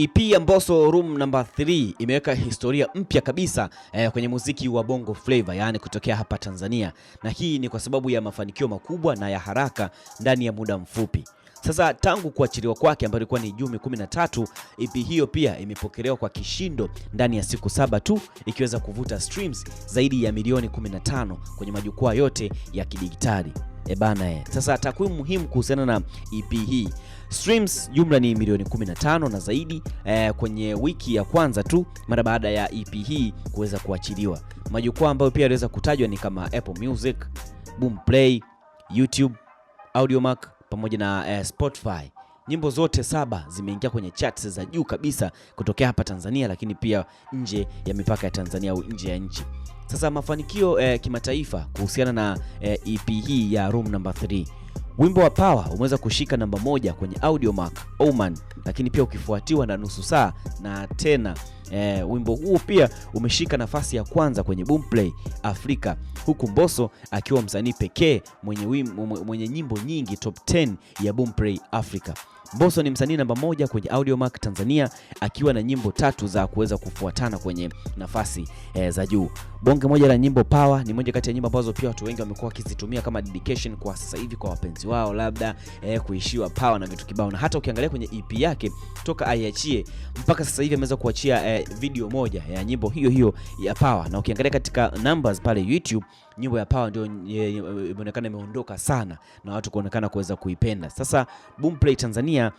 EP ya Mbosso Room number 3 imeweka historia mpya kabisa eh, kwenye muziki wa Bongo Flava yaani kutokea hapa Tanzania, na hii ni kwa sababu ya mafanikio makubwa na ya haraka ndani ya muda mfupi. Sasa tangu kuachiliwa kwake ambayo ilikuwa ni Juni 13, EP hiyo pia imepokelewa kwa kishindo ndani ya siku saba tu, ikiweza kuvuta streams zaidi ya milioni 15 kwenye majukwaa yote ya kidigitali. E bana e. Sasa takwimu muhimu kuhusiana na EP hii streams jumla ni milioni 15 na zaidi e, kwenye wiki ya kwanza tu mara baada ya EP hii kuweza kuachiliwa. Majukwaa ambayo pia yaliweza kutajwa ni kama Apple Music, Boomplay, YouTube, Audiomack pamoja na e, Spotify. Nyimbo zote saba zimeingia kwenye charts za juu kabisa kutokea hapa Tanzania, lakini pia nje ya mipaka ya Tanzania au nje ya nchi. Sasa mafanikio eh, kimataifa kuhusiana na eh, EP hii ya Room Number 3. Wimbo wa Power umeweza kushika namba moja kwenye Audiomack Oman, lakini pia ukifuatiwa na Nusu Saa na Tena Eh, wimbo huu pia umeshika nafasi ya kwanza kwenye Boomplay Afrika huku Mbosso akiwa msanii pekee mwenye, mwenye nyimbo nyingi top 10 ya Boomplay Afrika. Mbosso ni msanii namba moja kwenye Audiomack Tanzania akiwa na nyimbo tatu za kuweza kufuatana kwenye nafasi eh, za juu. Bonge moja la nyimbo Power ni moja kati ya nyimbo ambazo pia watu wengi wamekuwa wakizitumia kama dedication kwa sasa hivi kwa wapenzi wao, labda eh, kuishiwa power na vitu kibao, na hata ukiangalia kwenye EP yake toka aiachie mpaka sasa hivi ameweza kuachia eh, video moja ya nyimbo hiyo hiyo ya Power, na ukiangalia katika numbers pale YouTube nyimbo ya Power ndio imeonekana imeondoka sana na watu kuonekana kuweza kuipenda. Sasa Boomplay Tanzania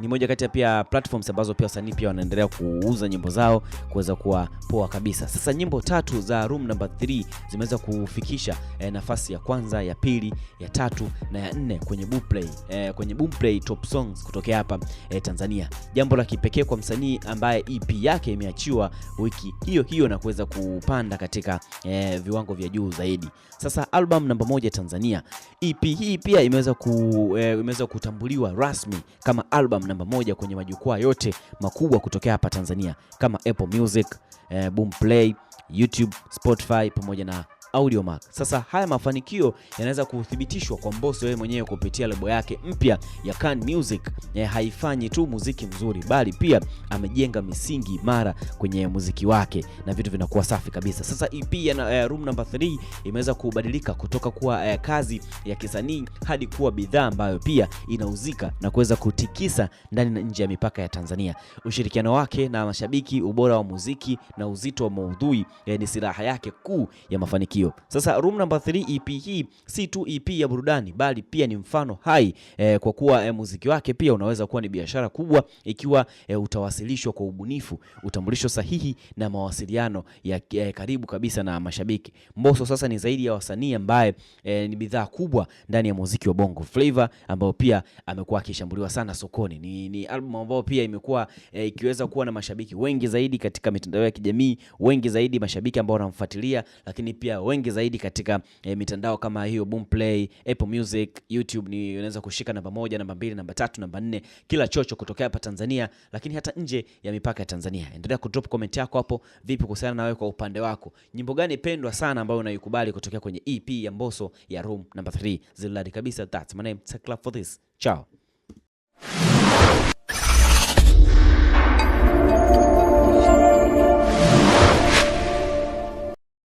ni moja kati ya pia platforms ambazo pia wasanii pia wanaendelea kuuza nyimbo zao kuweza kuwa poa kabisa. Sasa nyimbo tatu za Room Number 3 zimeweza kufikisha eh, nafasi ya kwanza, ya pili, ya tatu na ya nne kwenye Boomplay, eh, kwenye Boomplay Top Songs kutokea hapa eh, Tanzania, jambo la kipekee kwa msanii ambaye EP yake imeachiwa wiki hiyo hiyo na kuweza kupanda katika eh, viwango vya juu zaidi. Sasa album namba moja Tanzania, EP hii pia imeweza ku, eh, imeweza kutambuliwa rasmi kama album album namba moja kwenye majukwaa yote makubwa kutokea hapa Tanzania kama Apple Music, eh, Boomplay, YouTube, Spotify pamoja na Audiomack. Sasa haya mafanikio yanaweza kuthibitishwa kwa Mbosso wewe mwenyewe kupitia lebo yake mpya ya Can Music. Ya eh, haifanyi tu muziki mzuri, bali pia amejenga misingi imara kwenye muziki wake na vitu vinakuwa safi kabisa. Sasa EP ya eh, Room Number 3 imeweza kubadilika kutoka kuwa eh, kazi ya kisanii hadi kuwa bidhaa ambayo pia inauzika na kuweza kutikisa ndani na nje ya mipaka ya Tanzania. Ushirikiano wake na mashabiki, ubora wa muziki na uzito wa maudhui ni silaha yake kuu ya mafanikio hiyo. Sasa Room Number 3 EP hii si tu EP ya burudani, bali pia ni mfano hai eh, kwa kuwa eh, muziki wake pia unaweza kuwa ni biashara kubwa ikiwa eh, utawasilishwa kwa ubunifu, utambulisho sahihi na mawasiliano ya eh, karibu kabisa na mashabiki. Mbosso sasa ni zaidi ya wasanii ambaye eh, ni bidhaa kubwa ndani ya muziki wa Bongo Flava ambao pia amekuwa akishambuliwa sana sokoni. Ni, ni album ambayo pia imekuwa eh, ikiweza kuwa na mashabiki wengi zaidi katika mitandao ya kijamii, wengi zaidi mashabiki ambao wanamfuatilia, lakini pia wengi wengi zaidi katika e, mitandao kama hiyo Boomplay, Apple Music, YouTube ni unaweza kushika namba moja, namba mbili, namba tatu, namba nne, kila chocho kutokea hapa Tanzania, lakini hata nje ya mipaka ya Tanzania. Endelea kudrop comment yako hapo, vipi kuhusiana na wewe kwa upande wako, nyimbo gani pendwa sana ambayo unaikubali kutokea kwenye EP ya Mbosso ya Room number 3? Ziladi kabisa, that's my name. take for this. Ciao.